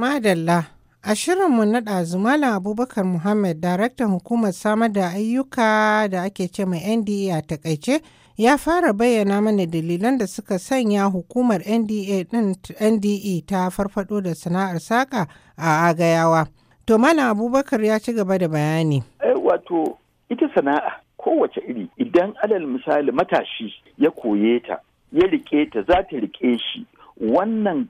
Madalla, a shirinmu na ɗazu Malam Abubakar Muhammad, daraktan hukumar samar da ayyuka da ake ce mai NDA a takaice, ya fara bayyana mana dalilan da suka sanya hukumar NDA NDE ta farfado da sana'ar saƙa a agayawa. To Malam Abubakar ya ci gaba da bayani. Eh, wato ita sana'a kowace iri idan alal misali matashi ya koye ta ya rike ta za ta rike shi wannan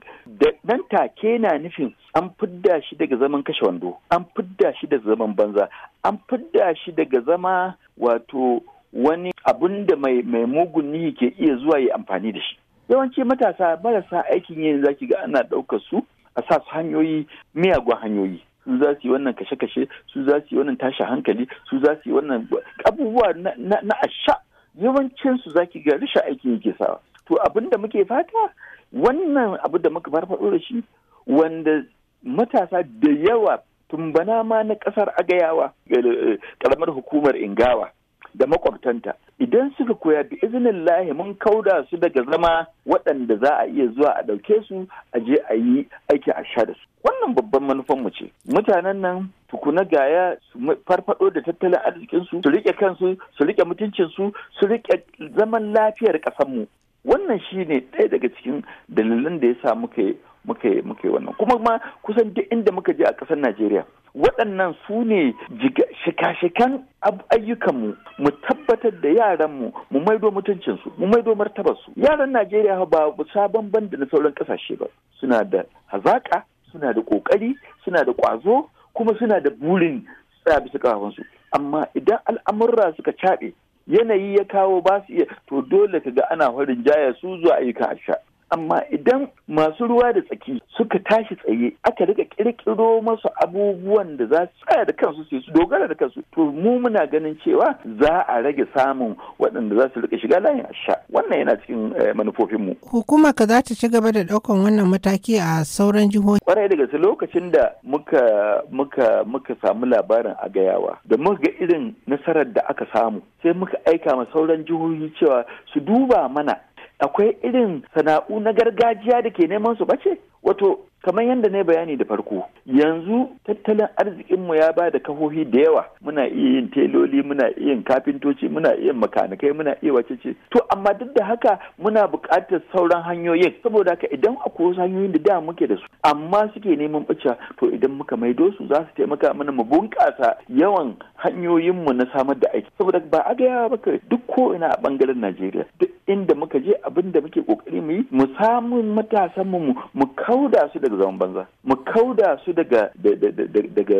nan take na nufin an fidda shi daga zaman kashe wando an fidda shi daga zaman banza an fidda shi daga zama wato wani abun da mai mugun nihi ke iya zuwa yi amfani da shi yawanci matasa marasa aikin yin zaki ga ana ɗaukar su a sa su hanyoyi miyagun hanyoyi su za su yi wannan kashe-kashe su za su yi wannan tashi hankali su za su yi wannan abubuwa na asha yawancin su zaki ga rashin aikin yake sawa to abin da muke fata wannan abu da muka farfaɗo da shi wanda matasa da yawa tun tumbana ma na ƙasar agayawa eh, eh, ƙaramar hukumar ingawa da makwabtanta idan suka koya bi izinin lahi mun kauda su daga zama waɗanda za a iya zuwa a ɗauke su a je a yi aiki a sha da su wannan babban manufanmu ce mutanen nan tukuna gaya su farfado da tattalin arzikinsu su riƙe kansu su riƙe mutuncinsu su riƙe zaman lafiyar ƙasarmu wannan shi ne ɗaya daga cikin dalilan da ya sa muka muke wannan kuma ma kusan duk inda muka je a ƙasar Najeriya waɗannan su ne shika-shikan ayyukanmu mu tabbatar da yaranmu mu maido mutuncinsu mu maido martabarsu yaran Najeriya ba sabon sabon da na sauran ƙasashe ba suna da hazaƙa suna da ƙoƙari suna da ƙwazo kuma suna da burin tsaya bisa ƙafafunsu amma idan al'amurra suka caɓe yanayi ya kawo ba su iya to dole ka ga ana farin jaya su zuwa ayyuka sha amma idan masu ruwa da tsaki suka tashi tsaye aka rika kirkiro masu abubuwan da za su tsaya da kansu su dogara da kansu to mu muna ganin cewa za a rage samun waɗanda za su rika shiga layin sha wannan yana cikin eh, manufofin mu hukuma ka za ta ci gaba da ɗaukan wannan mataki a sauran jihohi kwarai daga su, lokacin da muka muka muka samu labarin a gayawa da muka ga irin nasarar da aka samu sai muka aika ma sauran jihohi cewa su duba mana akwai irin sana'u na gargajiya da ke neman su bace wato kamar yadda ne bayani da farko yanzu tattalin arzikinmu ya ba da kahohi da yawa muna iya yin teloli muna iya yin kafintoci muna iya makanikai muna iya wacece to amma duk da haka muna buƙatar sauran hanyoyin saboda haka idan akwai wasu hanyoyin da da muke da su amma suke neman ɓacewa to idan muka maido su za su taimaka mana mu bunƙasa yawan hanyoyinmu na samar da aiki saboda ba a gaya baka duk ko ina a bangaren Najeriya duk inda muka je abin da muke kokari mu yi mu samu matasan mu mu kauda su daga zaman banza mu kauda su daga daga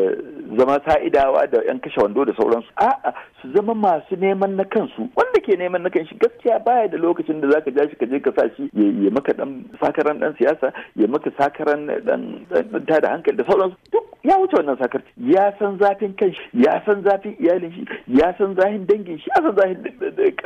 zama sa'idawa da yan kashe wando da sauransu a'a su zama masu neman na kansu wanda ke neman na kanshi gaskiya baya da lokacin da zaka ja shi ka je ka sa shi ya maka dan sakaran dan siyasa ya maka sakaran dan tada hankali da sauransu duk ya wuce wannan sakar ya san zafin kanshi ya san zafin iyalin shi ya san zahin dangin shi ya san zahin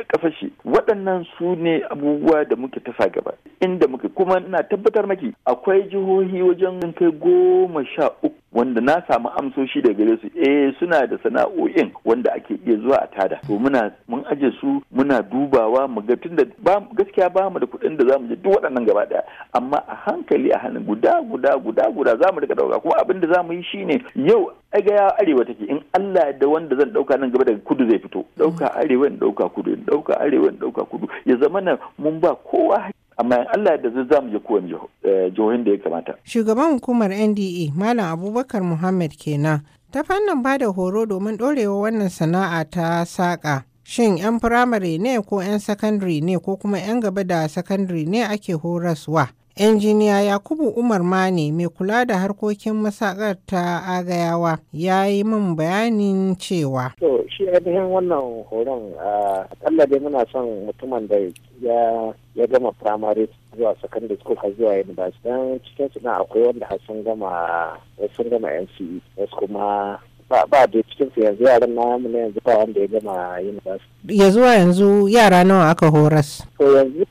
kasar shi waɗannan su ne abubuwa da muke tasa gaba inda muke kuma na tabbatar maki akwai jihohi wajen kai goma sha uku wanda na samu amsoshi da gare su eh suna da sana'o'in wanda ake iya zuwa a tada to muna mun aje su muna dubawa mu ga tunda ba gaskiya ba mu da kuɗin da zamu je duk waɗannan gaba daya amma a hankali a hannun guda guda guda guda zamu rika dauka kuma abin da zamu yi shine yau ai ga ya arewa take in Allah da wanda zan dauka nan gaba daga kudu zai fito dauka arewa dauka kudu dauka arewa dauka kudu ya zama mun ba kowa amma Allah da zai zamu je kowane eh, jihohin da ya kamata. Shugaban hukumar NDA Malam Abubakar Muhammad kenan ta fannin ba da horo domin ɗorewa wannan sana'a ta saƙa. Shin 'yan firamare ne ko 'yan sakandare ne ko kuma 'yan gaba da sakandare ne ake horaswa? injiniya yakubu umar mane mai kula da harkokin masakar ta agayawa ya yi min bayanin cewa to shi ainihin wannan horon a dai muna son mutumin da ya gama primary zuwa secondary school har zuwa university cikin su na akwai wanda har sun gama sun gama NCE wasu kuma ba ba da cikin su yanzu yaran na mu na yanzu ba wanda ya gama university ya zuwa yanzu yara nawa aka horas to yanzu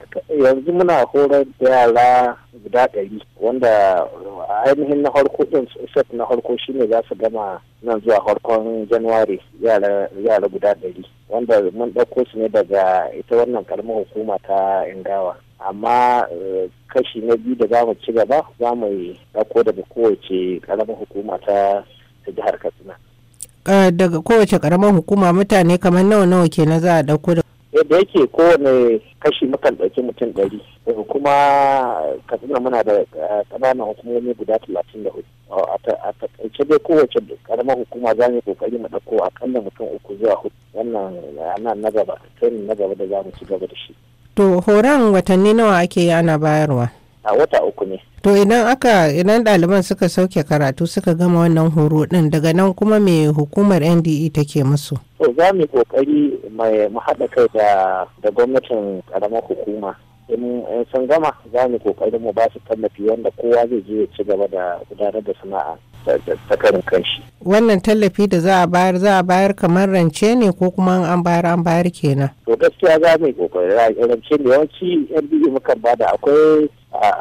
yanzu muna horar da yara guda ɗari wanda ainihin na harko ɗin set na harko shine za su gama nan zuwa harkon januwari yara guda ɗari wanda mun ɗauko su ne daga ita wannan ƙaramin hukuma ta ingawa amma eh, kashi na biyu da za mu ci gaba za mu ɗauko daga kowace ƙaramin hukuma ta jihar katsina Eh, daga kowace karamar hukuma mutane kamar nawa nawa na za a dauko da yadda yake kowane kashi mukan ɗauki mutum ɗari kuma katsina muna da kananan eh, hukumomi guda talatin da hudu a takaice dai kowace karamar hukuma za mu kokari mu ɗauko akalla mutum uku zuwa hudu wannan eh, ana na gaba training na gaba da za mu ci gaba da shi. to horan watanni nawa ake yana bayarwa. a wata uku ne. to idan aka idan ɗaliban suka sauke karatu suka gama wannan horo ɗin daga nan kuma mai hukumar nde take musu to za mu kokari mai mu haɗa kai da gwamnatin ƙaramar hukuma in sun gama za mu kokari mu ba su tallafi wanda kowa zai je ya ci gaba da gudanar da sana'a ta karin kanshi. Wannan tallafi da za a bayar za a bayar kamar rance ne ko kuma an bayar an bayar kenan. To gaskiya za mu yi kokari rance ne yawanci yan biyu mukan bada akwai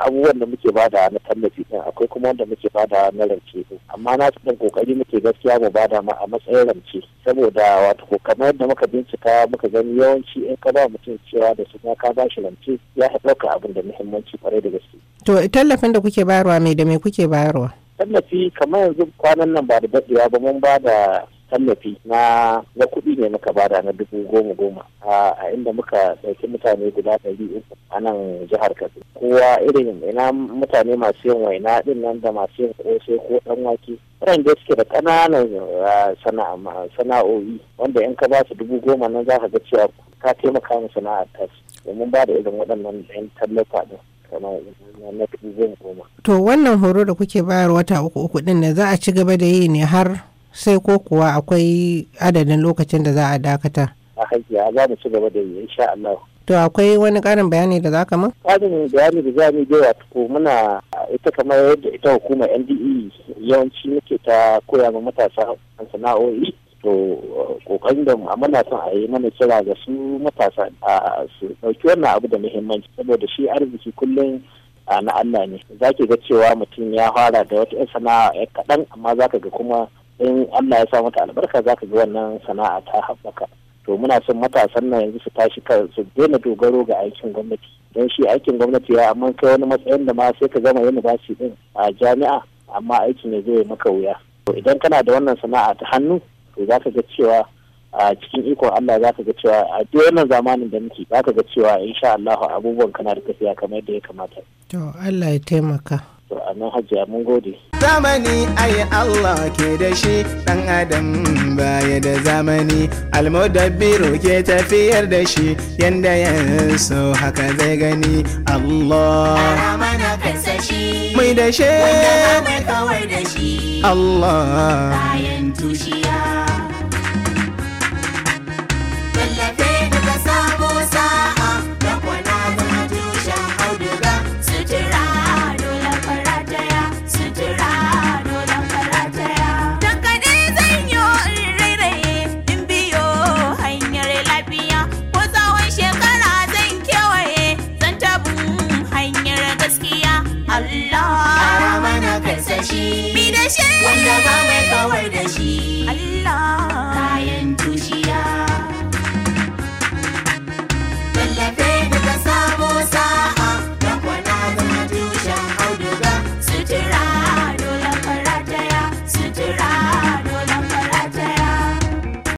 abubuwan da muke bada na tallafi din akwai kuma wanda muke bada na rance amma na ɗan kokari muke gaskiya mu bada ma a matsayin rance saboda wato kamar yadda muka bincika muka gani yawanci in ka ba mutum cewa da su ka ba shi rance ya ɗauka abin da muhimmanci kwarai da gaske. To tallafin da kuke bayarwa mai da mai kuke bayarwa? tallafi kamar yanzu kwanan nan ba da daɗewa ba mun ba da tallafi na na kuɗi ne muka bada na dubu goma goma a inda muka ɗauki mutane guda ɗari uku a nan jihar Katsina. Kowa irin ina mutane masu yin waina ɗin nan da masu yin ƙosai ko ɗan wake. da suke da ƙananan sana'o'i wanda in ka ba su dubu goma nan za ka ga cewa ka taimaka musu sana'ar tasu domin ba da irin waɗannan 'yan tallafa ɗin. To wannan horo da kuke bayar wata uku uku din da za a ci gaba da yi ne har sai ko kuwa akwai adadin lokacin da za a dakata. A hajiya za mu ci gaba da yi insha Allah. To akwai wani karin bayani da za ka ma? bayani da za mu yi wa ko muna ita kamar yadda ita hukumar NDE yawanci muke ta koya ma matasa sana'o'i to uh, kokarin da mu'amala son a yi mana kira ga su matasa a su ɗauki wannan abu da muhimmanci saboda shi arziki kullum na Allah ne za ki ga cewa mutum ya fara da wata 'yan sana'a ya kaɗan amma za ka ga kuma in Allah ya sa mata albarka za ka ga wannan sana'a ta haɓaka to muna son matasan nan yanzu su tashi kan su daina dogaro ga aikin gwamnati don shi aikin gwamnati ya amma kai wani matsayin da ma sai ka gama university din a jami'a amma aikin ya zai maka wuya idan kana da wannan sana'a ta hannu to za ka ga cewa a cikin ikon Allah za ka ga cewa a duk wannan zamanin da muke za ka ga cewa insha Allah abubuwan kana da tafiya kamar yadda ya kamata. To Allah ya taimaka. To amin hajiya mun gode. Zamani ai Allah ke da shi dan adam baya da zamani almudabbiru ke tafiyar da shi yanda ya so haka zai gani Allah. Mana kansa shi. Mai Wanda kawar da shi. Allah. Bayan tushiya. Adiós.